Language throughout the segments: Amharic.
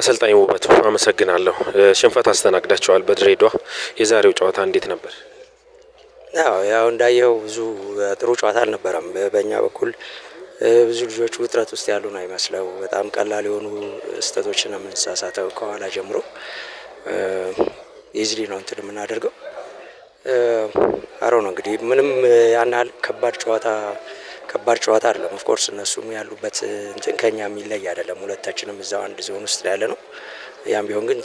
አሰልጣኝ ውበቱ አመሰግናለሁ። ሽንፈት አስተናግዳቸዋል በድሬዳዋ የዛሬው ጨዋታ እንዴት ነበር? ያው ያው እንዳየው ብዙ ጥሩ ጨዋታ አልነበረም። በእኛ በኩል ብዙ ልጆች ውጥረት ውስጥ ያሉ ነው በጣም ቀላል የሆኑ ስህተቶችን የምንሳሳተው ከኋላ ጀምሮ ኢዝሊ ነው እንትን የምናደርገው አሮ ነው እንግዲህ ምንም ያን ያህል ከባድ ጨዋታ ከባድ ጨዋታ አይደለም። ኦፍኮርስ እነሱም ያሉበት እንትን ከኛ የሚለይ አይደለም። ሁለታችንም እዛው አንድ ዞን ውስጥ ያለ ነው። ያም ቢሆን ግን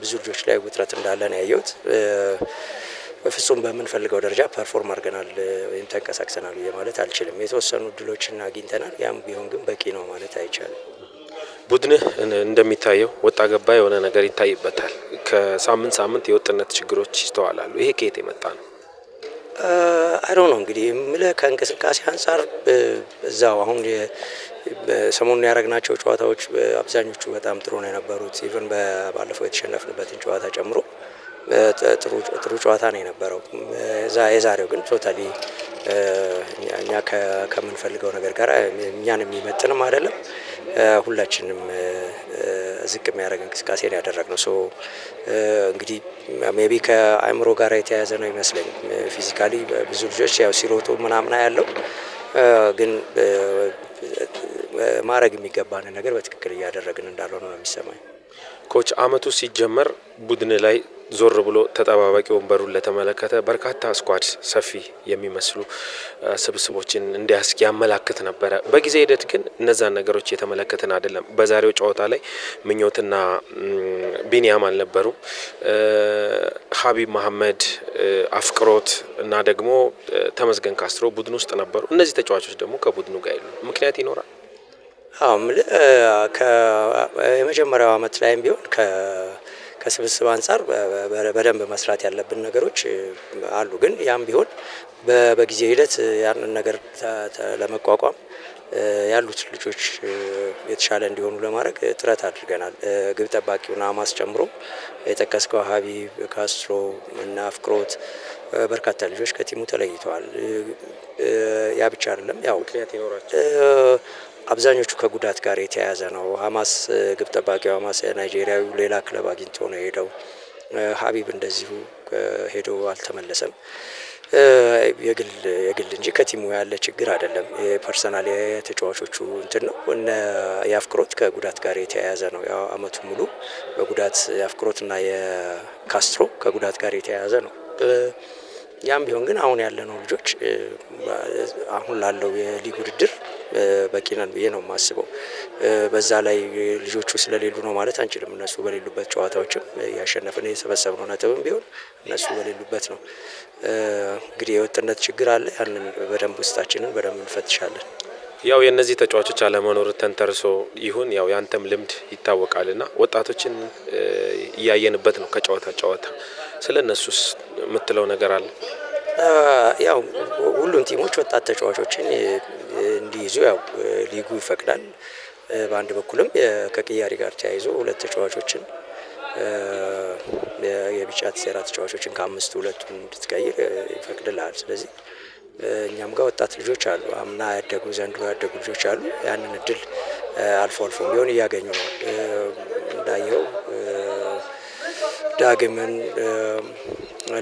ብዙ ልጆች ላይ ውጥረት እንዳለ ነው ያየሁት። ፍጹም በምንፈልገው ደረጃ ፐርፎርም አድርገናል ወይም ተንቀሳቅሰናል ማለት አልችልም። የተወሰኑ እድሎችን አግኝተናል። ያም ቢሆን ግን በቂ ነው ማለት አይቻልም። ቡድንህ እንደሚታየው ወጣ ገባ የሆነ ነገር ይታይበታል። ከሳምንት ሳምንት የወጥነት ችግሮች ይስተዋላሉ። ይሄ ከየት የመጣ ነው? አይዶ ነው እንግዲህ ምለ ከእንቅስቃሴ አንጻር እዛው አሁን ሰሞኑን ያደረግናቸው ጨዋታዎች አብዛኞቹ በጣም ጥሩ ነው የነበሩት። ኢቨን ባለፈው የተሸነፍንበትን ጨዋታ ጨምሮ ጥሩ ጨዋታ ነው የነበረው። የዛሬው ግን ቶታሊ እኛ ከምንፈልገው ነገር ጋር እኛን የሚመጥንም አይደለም ሁላችንም ዝቅ የሚያደርግ እንቅስቃሴ ነው ያደረግነው። ሶ እንግዲህ ሜቢ ከአእምሮ ጋር የተያያዘ ነው ይመስለኝ። ፊዚካሊ ብዙ ልጆች ያው ሲሮጡ ምናምና ያለው ግን ማድረግ የሚገባንን ነገር በትክክል እያደረግን እንዳልሆነ ነው የሚሰማኝ። ኮች አመቱ ሲጀመር ቡድን ላይ ዞር ብሎ ተጠባባቂ ወንበሩን ለተመለከተ በርካታ ስኳድ ሰፊ የሚመስሉ ስብስቦችን እንዲያስክ ያመላክት ነበረ። በጊዜ ሂደት ግን እነዛን ነገሮች የተመለከትን አይደለም። በዛሬው ጨዋታ ላይ ምኞትና ቢኒያም አልነበሩም። ሀቢብ መሀመድ፣ አፍቅሮት እና ደግሞ ተመስገን ካስትሮ ቡድን ውስጥ ነበሩ። እነዚህ ተጫዋቾች ደግሞ ከቡድኑ ጋር የሉ። ምክንያት ይኖራል። የመጀመሪያው አመት ላይም ቢሆን ከስብስብ አንጻር በደንብ መስራት ያለብን ነገሮች አሉ። ግን ያም ቢሆን በጊዜ ሂደት ያንን ነገር ለመቋቋም ያሉት ልጆች የተሻለ እንዲሆኑ ለማድረግ ጥረት አድርገናል። ግብ ጠባቂውን አማስ ጨምሮ የጠቀስከው ሀቢብ ካስትሮ እና ፍቅሮት በርካታ ልጆች ከቲሙ ተለይተዋል። ያ ብቻ አይደለም ያው አብዛኞቹ ከጉዳት ጋር የተያያዘ ነው። ሀማስ ግብ ጠባቂው ሀማስ ናይጄሪያዊ ሌላ ክለብ አግኝቶ ነው የሄደው። ሀቢብ እንደዚሁ ሄዶ አልተመለሰም። የግል የግል እንጂ ከቲሙ ያለ ችግር አይደለም። የፐርሰናል የተጫዋቾቹ እንትን ነው። እነ የአፍቅሮት ከጉዳት ጋር የተያያዘ ነው። ያው አመቱ ሙሉ በጉዳት የአፍቅሮት እና የካስትሮ ከጉዳት ጋር የተያያዘ ነው። ያም ቢሆን ግን አሁን ያለነው ልጆች አሁን ላለው የሊግ ውድድር በቂ ነን ብዬ ነው የማስበው። በዛ ላይ ልጆቹ ስለሌሉ ነው ማለት አንችልም። እነሱ በሌሉበት ጨዋታዎችም ያሸነፍን የሰበሰብነው ነጥብም ቢሆን እነሱ በሌሉበት ነው። እንግዲህ የወጥነት ችግር አለ። ያንን በደንብ ውስጣችንን በደንብ እንፈትሻለን። ያው የእነዚህ ተጫዋቾች አለመኖር ተንተርሶ ይሁን ያው ያንተም ልምድ ይታወቃልና ወጣቶችን እያየንበት ነው ከጨዋታ ጨዋታ ስለ እነሱስ የምትለው ነገር አለ? ያው ሁሉም ቲሞች ወጣት ተጫዋቾችን እንዲይዙ ያው ሊጉ ይፈቅዳል። በአንድ በኩልም ከቅያሪ ጋር ተያይዞ ሁለት ተጫዋቾችን የቢጫ ሴራ ተጫዋቾችን ከአምስት ሁለቱን እንድትቀይር ይፈቅድልሃል። ስለዚህ እኛም ጋር ወጣት ልጆች አሉ፣ አምና ያደጉ ዘንድሮ ያደጉ ልጆች አሉ። ያንን እድል አልፎ አልፎ ቢሆን እያገኙ ነው እንዳየው ዳግምን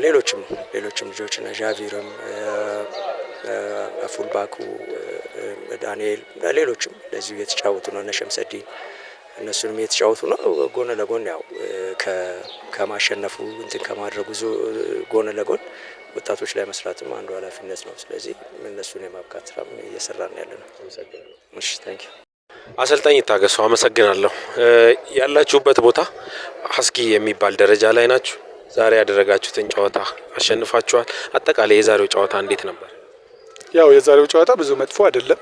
ሌሎችም ሌሎችም ልጆች ዣቪርም ፉልባኩ ዳንኤል ሌሎችም ለዚሁ የተጫወቱ ነው። እነ እነሱንም የተጫወቱ ነው። ጎን ለጎን ያው ከማሸነፉ እንትን ከማድረጉ ጎን ለጎን ወጣቶች ላይ መስራትም አንዱ ኃላፊነት ነው። ስለዚህ እነሱን የማብቃት ስራም እየሰራን ያለ ነው። አሰልጣኝ ይታገሱ አመሰግናለሁ። ያላችሁበት ቦታ አስጊ የሚባል ደረጃ ላይ ናችሁ። ዛሬ ያደረጋችሁትን ጨዋታ አሸንፋችኋል። አጠቃላይ የዛሬው ጨዋታ እንዴት ነበር? ያው የዛሬው ጨዋታ ብዙ መጥፎ አይደለም።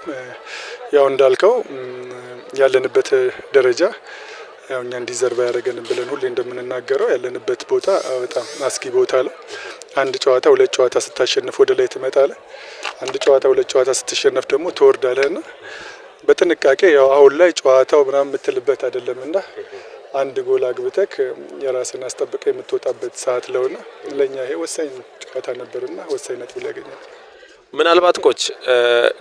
ያው እንዳልከው ያለንበት ደረጃ ያው እኛ እንዲዘርባ ያደረገን ብለን ሁሌ እንደምንናገረው ያለንበት ቦታ በጣም አስጊ ቦታ ነው። አንድ ጨዋታ ሁለት ጨዋታ ስታሸንፍ ወደ ላይ ትመጣለህ። አንድ ጨዋታ ሁለት ጨዋታ ስትሸነፍ ደግሞ ትወርዳለህ ና በጥንቃቄ ያው አሁን ላይ ጨዋታው ምናምን የምትልበት አይደለም እና አንድ ጎል አግብተክ የራስን አስጠብቀ የምትወጣበት ሰዓት ለውና ለእኛ ይሄ ወሳኝ ጨዋታ ነበርና ወሳኝ ነጥብ ያገኛል። ምናልባት ኮች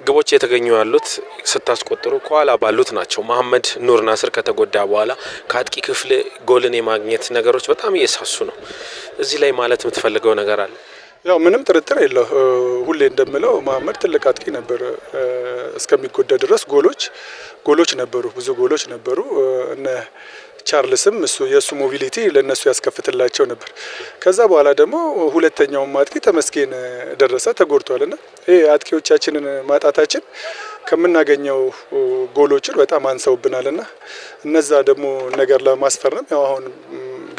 ግቦች የተገኙ ያሉት ስታስቆጥሩ ከኋላ ባሉት ናቸው። መሀመድ ኑር ናስር ከተጎዳ በኋላ ከአጥቂ ክፍል ጎልን የማግኘት ነገሮች በጣም እየሳሱ ነው። እዚህ ላይ ማለት የምትፈልገው ነገር አለ? ያው ምንም ጥርጥር የለው። ሁሌ እንደምለው መሀመድ ትልቅ አጥቂ ነበር። እስከሚጎዳ ድረስ ጎሎች ጎሎች ነበሩ፣ ብዙ ጎሎች ነበሩ። እነ ቻርልስም እሱ የእሱ ሞቢሊቲ ለእነሱ ያስከፍትላቸው ነበር። ከዛ በኋላ ደግሞ ሁለተኛውም አጥቂ ተመስገን ደረሰ ተጎድቷል እና ይህ አጥቂዎቻችንን ማጣታችን ከምናገኘው ጎሎችን በጣም አንሰውብናል እና እነዛ ደግሞ ነገር ለማስፈረም ያው አሁን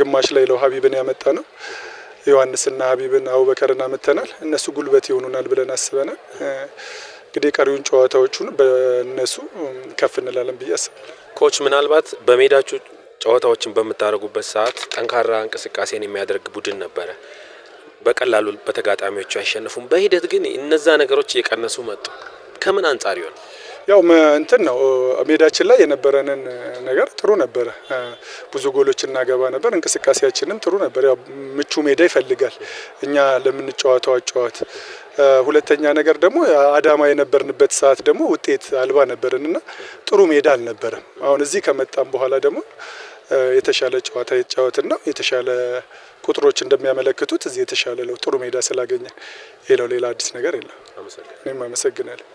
ግማሽ ላይ ለው ሀቢብን ያመጣ ነው ዮሐንስና ሀቢብን አቡበከርን አምጥተናል። እነሱ ጉልበት ይሆኑናል ብለን አስበናል። እንግዲህ ቀሪውን ጨዋታዎቹን በእነሱ ከፍ እንላለን ብዬ አስባለሁ። ኮች ምናልባት በሜዳችሁ ጨዋታዎችን በምታደርጉበት ሰዓት ጠንካራ እንቅስቃሴን የሚያደርግ ቡድን ነበረ። በቀላሉ በተጋጣሚዎቹ አይሸንፉም። በሂደት ግን እነዛ ነገሮች እየቀነሱ መጡ። ከምን አንጻር ይሆን? ያው እንትን ነው ሜዳችን ላይ የነበረንን ነገር ጥሩ ነበረ። ብዙ ጎሎች እናገባ ነበር። እንቅስቃሴያችንም ጥሩ ነበር። ያው ምቹ ሜዳ ይፈልጋል እኛ ለምንጫወተው አጫዋት። ሁለተኛ ነገር ደግሞ አዳማ የነበርንበት ሰዓት ደግሞ ውጤት አልባ ነበርን እና ጥሩ ሜዳ አልነበረም። አሁን እዚህ ከመጣም በኋላ ደግሞ የተሻለ ጨዋታ ነው የተሻለ ቁጥሮች እንደሚያመለክቱት እዚህ የተሻለ ነው ጥሩ ሜዳ ስላገኘ። ሌላው ሌላ አዲስ ነገር የለም። እኔም አመሰግናለሁ።